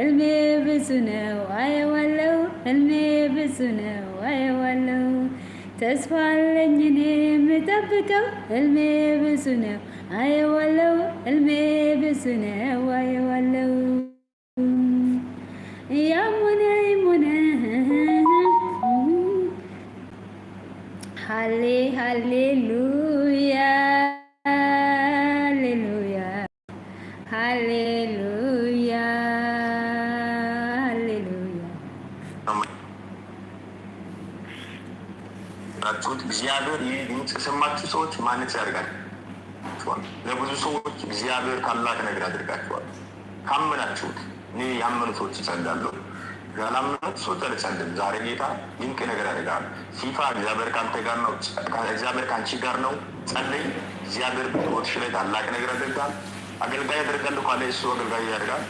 እልሜ ብዙ ነው አየዋለው፣ እልሜ ብዙ ነው አየዋለው። ተስፋ አለኝ እኔ የምጠብቀው እልሜ ብዙ ነው አየዋለው፣ እልሜ ብዙ ነው አየዋለው። ያም ሆነ ይም ሆነ ሃሌ ሃሌሉ ናችሁት። እግዚአብሔር ድምፅ የሰማችሁ ሰዎች ማነጽ ያደርጋችኋል። ለብዙ ሰዎች እግዚአብሔር ታላቅ ነገር ያደርጋችኋል። ካመናችሁት እኔ ያመኑ ሰዎች ይጸልያለሁ፣ ያላመኑት ሰዎች አልጸልም። ዛሬ ጌታ ድንቅ ነገር ያደርጋል። ሲፋ እግዚአብሔር ከአንተ ጋር ነው፣ እግዚአብሔር ከአንቺ ጋር ነው። ጸልይ። እግዚአብሔር በሕይወትሽ ላይ ታላቅ ነገር ያደርጋል። አገልጋይ ያደርጋል ካለ እሱ አገልጋይ ያደርጋል።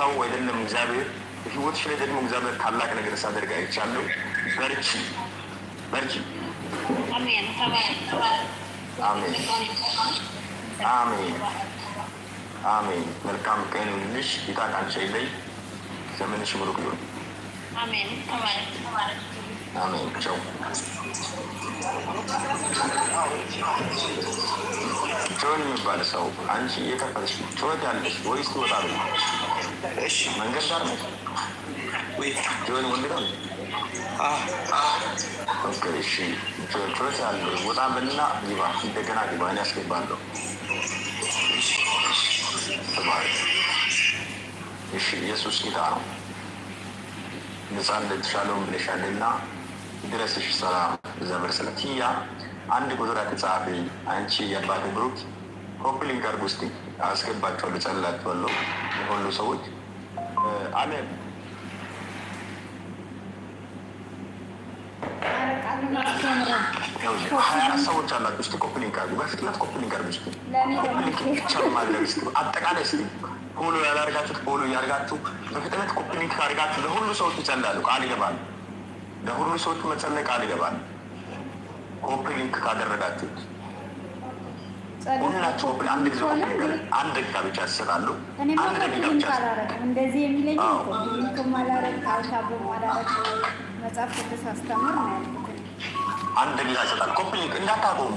ሰው አይደለም እግዚአብሔር። በሕይወትሽ ላይ ደግሞ እግዚአብሔር ታላቅ ነገር ሳደርግ አይቻለሁ። በርቺ በርቺ። አሜን አሜን አሜን። መልካም ቀን ይሁንልሽ። ጌታ ካንቺ ይለይ፣ ዘመንሽ ብሩክ ይሁን። አሜን አሜን። ቻው ጆን የሚባል ሰው አንቺ እየከፈትሽ ትወዳለሽ ወይስ ትወጣለሽ? እሺ መንገድ ዳር ነው ጆን ወንድ ነው እሺ ጩኸት አለ። ወጣ በልና ግባ፣ እንደገና ግባ። እኔ አስገባለሁ። እሺ ኢየሱስ ጌታ ነው። ነጻነት ሻሎም ብለሻልና ድረስሽ ሰላም ዘመር ስለትያ አንድ ቁጥር አትጻፊ አንቺ የአባት ብሩክ ኮፕሊንግ አርጉስቲ አስገባቸዋለሁ፣ ጸልላቸዋለሁ የሆኑ ሰዎች አለ ሀያ ሰዎች አላችሁ። እስኪ በፍጥነት ኮፕሊንግ አጠቃላይ እስኪ ሆሎ ያላርጋችሁት ሆሎ እያርጋችሁ በፍጥነት ኮፕሊንግ ካርጋችሁ ለሁሉ ሰዎች ይጸላሉ፣ ቃል ይገባሉ። ለሁሉ ሰዎች መጸለይ ቃል ይገባሉ። ኮፕሊንግ ካደረጋችሁት ሁላችሁ አንድ ጊዜ አንድ ደቂቃ ብቻ ያስራሉ። እንደዚህ የሚለኝ ኮፕሊንግ ማላረግ አልታቦ ማላረግ መጽሐፍ ቅዱስ አስተምር ነው ያለ አንድ ሌላ ይሰጣል። ኮምፕሌት እንዳታቆሙ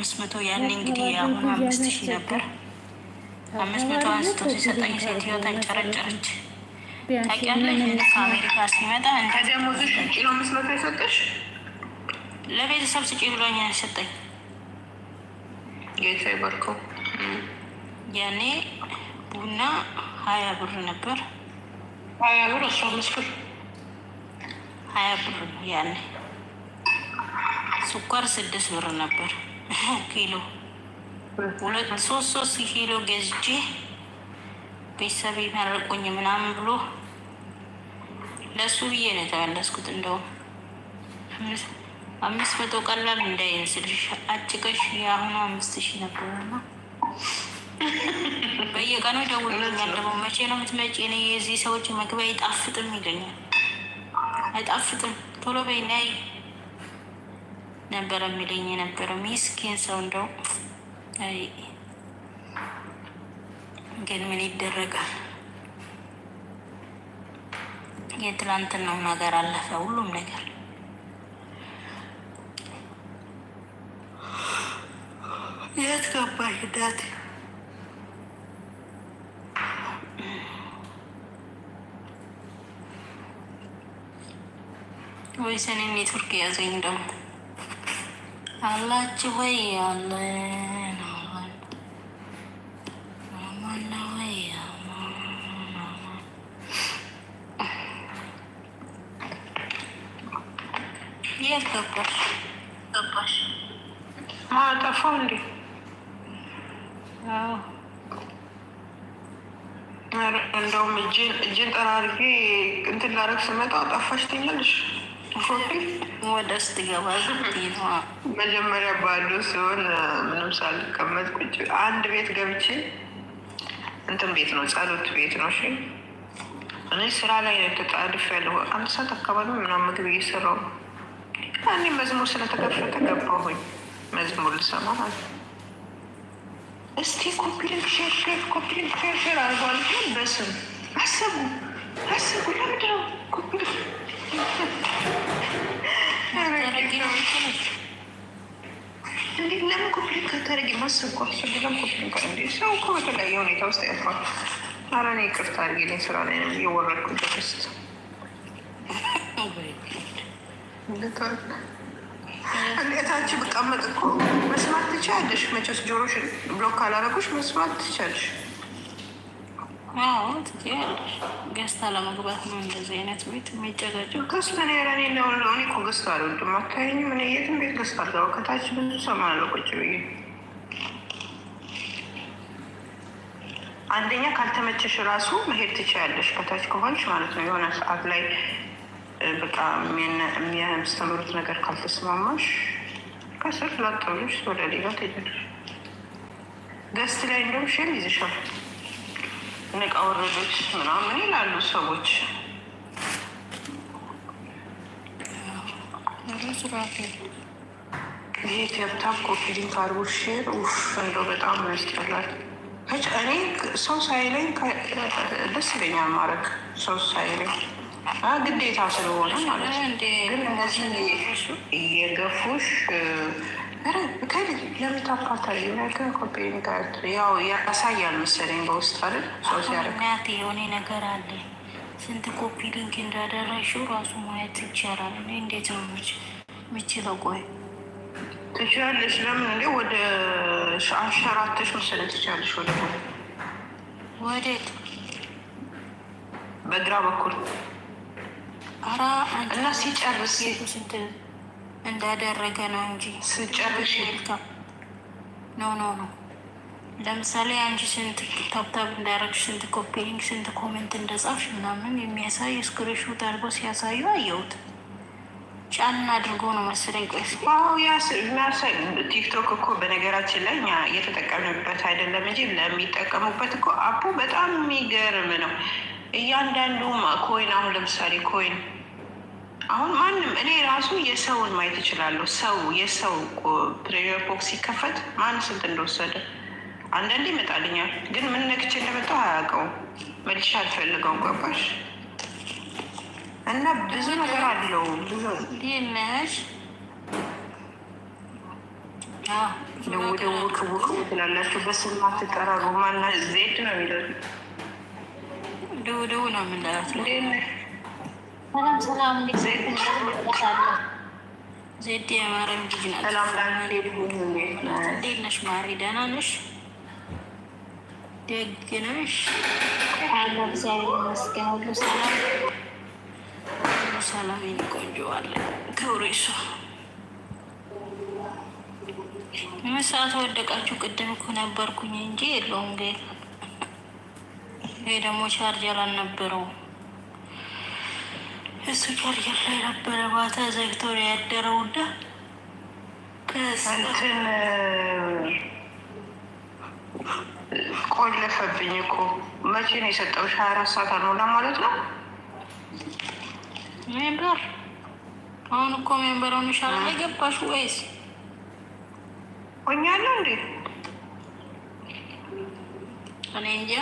አምስት መቶ ያኔ እንግዲህ አሁን አምስት ሺህ ነበር። አምስት መቶ አንስቶ ሲሰጠኝ ሴትዮ ተንጨረጨረች። ታውቂያለሽ ከአሜሪካ ሲመጣ ለቤተሰብ ስጪ ብሎኝ ሰጠኝ። ያኔ ቡና ሀያ ብር ነበር። ሀያ ብር ሀያ ብር ያኔ ስኳር ስድስት ብር ነበር ኪሎ። ሁለት ሶስት ሶስት ኪሎ ገዝቼ ቤተሰብ መረቁኝ ምናምን ብሎ ለሱ ብዬ ነው የተመለስኩት። እንደውም አምስት መቶ ቀላል እንዳይመስልሽ አጭቀሽ የአሁኑ አምስት ሺህ ነበርና በየቀኑ ደውሎኛል። ደግሞ መቼ ነው የምትመጪ? እኔ የዚህ ሰዎች መግቢያ አይጣፍጥም ይለኛል። አይጣፍጥም ቶሎ በይ ነይ ነበረ የሚለኝ የነበረው ሚስኪን ሰው እንደው ግን ምን ይደረጋል። የትላንትናው ነገር አለፈ። ሁሉም ነገር የት ገባ ሂዳት ወይስ እኔ ኔትወርክ የያዘኝ ደግሞ நல்லாச்சு போய் அந்த Yes, doctor. Doctor. Ah, tá fome. እንደውም እጄን ጠራርጌ እንትን ላረግ ስመጣ ጠፋሽ ትኛለሽ። ወደ ውስጥ ገባ መጀመሪያ ባዶ ሲሆን ምንም ሳልቀመጥ ቁጭ አንድ ቤት ገብቼ እንትን ቤት ነው ጸሎት ቤት ነው። እሺ እኔ ስራ ላይ ተጣድፍ ያለሁ አንድ ሰዓት አካባቢ ምናምን ምግብ እየሰራው እኔ መዝሙር ስለተከፈተ ገባሁኝ መዝሙር ልሰማ ማለት እስቲ ኮፒሊንግ ሸርሸር ኮፒሊንግ ሸርሸር አርጓል። ግን በስም አሰቡ አሰቡ ለምንድነው ኮፒሊንግ ልታደርጊ ነው? እንዴት ለምን ኮምፕሌት ካታደርጊ ማሰብኩ አስብ። ለምን ኮምፕሌት ካ ሰው እኮ በተለያየ ሁኔታ ውስጥ ያልፋል። ኧረ እኔ ይቅርታ አድርጊልኝ፣ ስራ ላይ ነው እየወረድኩበት ውስጥ እታች ብቀመጥ እኮ መስማት ትችያለሽ። መቼስ ጆሮሽ ብሎክ ካላረጉሽ መስማት ትችያለሽ። ገዝታ ለመግባት ነው እንደዚህ አይነት ቤት የሚጨጋጨው። እኮ ገዝታ አልወድም። ምን የትም ቤት ገዝታ ከታች ብዙ ቁጭ ብዬ። አንደኛ ካልተመቸሽ ራሱ መሄድ ትችያለሽ፣ ከታች ከሆንሽ ማለት ነው። የሆነ ሰዓት ላይ በቃ የሚያስተምሩት ነገር ካልተስማማሽ ከስር ላጠብሎች ወደ ሌላ ትሄጃለሽ። ገስት ላይ እንደውም ሼር ይዝሻል ንቃ ወረደች ምናምን ይላሉ ሰዎች። ይሄ ቲያፕታፕ ኮፒ ሊንክ ሼር ውፍ እንደው በጣም ያስጠላል። እኔ ሰው ሳይለኝ ደስ ይለኛል ማድረግ ሰው ሳይለኝ ግዴታ ስለሆነ ማለት ነው። ግን እነዚህ እየገፉሽ ለምን ታፋታለህ? ነገር ኮፒን ጋር የሆነ ነገር አለ። ስንት ኮፒ ሊንክ እንዳደረግሽው ራሱ ማየት ይቻላል። እኔ እንዴት ነው የምችለው? ቆይ ትችላለሽ። ለምን እንዴ ወደ አንሸራተሽ መሰለኝ ትችላለሽ። ወደ ወዴት? በግራ በኩል አራ እና ሲጨርስ ስንት እንዳደረገ ነው እንጂ ስጨርሽ ልካም ነው ነው ነው። ለምሳሌ አንቺ ስንት ታብታብ እንዳረግሽ ስንት ኮፒሊንግ ስንት ኮሜንት እንደጻፍሽ ምናምን የሚያሳይ ስክሪንሾት አድርጎ ሲያሳዩ አየሁት። ጫና አድርጎ ነው መሰለኝ። ቆይስ ቲክቶክ እኮ በነገራችን ላይ እኛ እየተጠቀምንበት አይደለም እንጂ ለሚጠቀሙበት እኮ አፑ በጣም የሚገርም ነው። እያንዳንዱ ኮይን አሁን ለምሳሌ ኮይን አሁን ማንም እኔ ራሱ የሰውን ማየት እችላለሁ። ሰው የሰው ፕሬር ቦክስ ሲከፈት ማን ስንት እንደወሰደ አንዳንዴ ይመጣልኛል፣ ግን ምን ነክቼ እንደመጣሁ አያውቀውም። መልሼ አልፈልገውም። ገባሽ? እና ብዙ ነገር አለው ይመሽ ደውደው ውክውክ ትላላችሁ። ማና ዜድ ነው የሚለው ደውደው ነው የምንላት ሰላም ሰላም፣ ዜድ የማርያም ልጅ ናት። እንዴት ነሽ ማሪ? ደህና ነሽ? ደግ ነሽ? እግዚአብሔር ይመስገን፣ ሁሉ ሰላም፣ ሁሉ ሰላም። የእኔ ቆንጆ አለ ክብሩ ምን ሰዓት ወደቃችሁ? ቅድም እኮ ነበርኩኝ እንጂ የለውም። ይሄ ደግሞ ቻርጀር አልነበረውም። እሱ ቻርጀር ላይ ነበረ ማታ ዘግተው ነው ያደረው እና እንትን ቆለፈብኝ እኮ። መቼ ነው የሰጠው? ሀያ አራት ሰዓት አልሞላ ማለት ነው። ሜምበር አሁን እኮ ሜምበር ሆንሻል። ላይ ገባሽ ወይስ ሆኛለሁ እንዴ? እኔ እንጃ።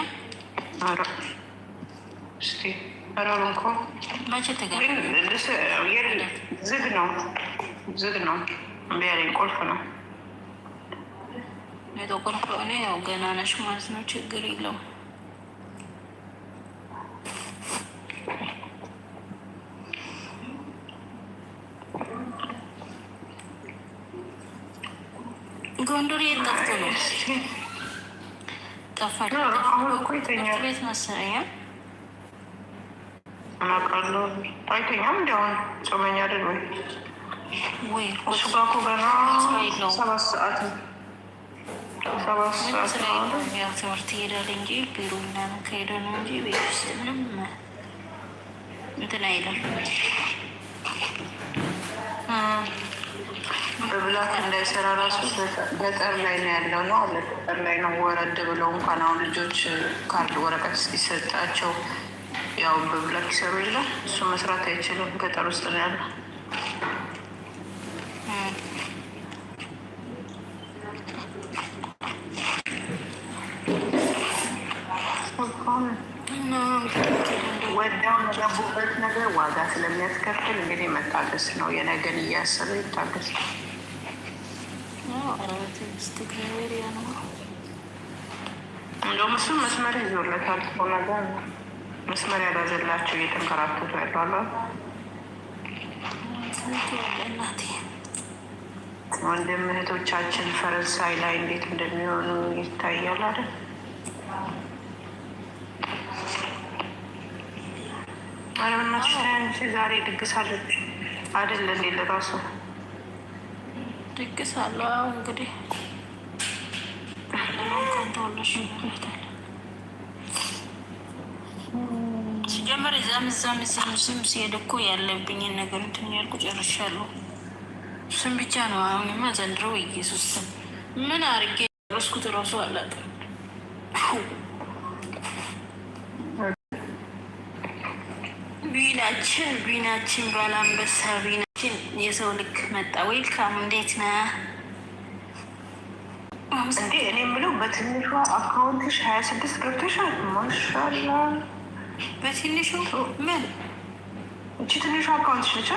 ኧረ እስኪ ኧረ እኮ መቼ ዝግ ነው ዝግ ነው እምቢ አለኝ። ቁልፍ ነው ቁልፍ ከሆነ ያው ገና ነሽ ማለት ነው። ችግር የለውም። ጎንደር የት ጠፍቶ ነው? ጠፋ ቤት መሰለኝ እናውቃለሁ። አይተኛም እንዲሁን ጾመኛ አይደል ወይ? እሱ ጋር እኮ ገና ሰባት ሰዓት ሰባት ትምህርት ይሄዳል እንጂ ቢሮ ምናምን ከሄደ ነው እንጂ ቤት ውስጥ ምንም እንትን አይልም። በብላት እንዳይሰራ ራሱ ገጠር ላይ ነው ያለው ነው። ገጠር ላይ ነው ወረድ ብለው እንኳን አሁን ልጆች ካርድ ወረቀት እስኪሰጣቸው ያው በብላክ ይሰሩ ይላል። እሱ መስራት አይችልም፣ ገጠር ውስጥ ነው ያለው። ወዲያው የገቡበት ነገር ዋጋ ስለሚያስከፍል እንግዲህ መታገስ ነው። የነገን እያሰበ ይታገስ ነው። እንደውም እሱም መስመር ይዞለታል ነገር ነው መስመር ያልያዘላቸው እየተንከራተቱ ያሉ ወንድም እህቶቻችን ፈረንሳይ ላይ እንዴት እንደሚሆኑ ይታያል አይደል? አለምናሽ ዛሬ ድግስ አለች አይደል? እንዴ ለራሱ ድግስ አለው። አሁ እንግዲህ ከንተወለሽ ይታል እዛም እዛም እዚህም እዚህም ሲሄድ እኮ ያለብኝን ነገር እንትን ያልኩ ጨርሻለሁ። ስም ብቻ ነው። አሁንማ ዘንድሮ ኢየሱስ ስም! ምን አርጌ ረስኩት እራሱ አላጠ ቢናችን ቢናችን ባላንበሳ ቢናችን የሰው ልክ መጣ። ዌልካም እንዴት ነህ? እኔ የምለው በትንሿ አካውንትሽ ሀያ ስድስት ገብተሻል። ማሻላ በትንሹ ምን እቺ ትንሹ አካውንት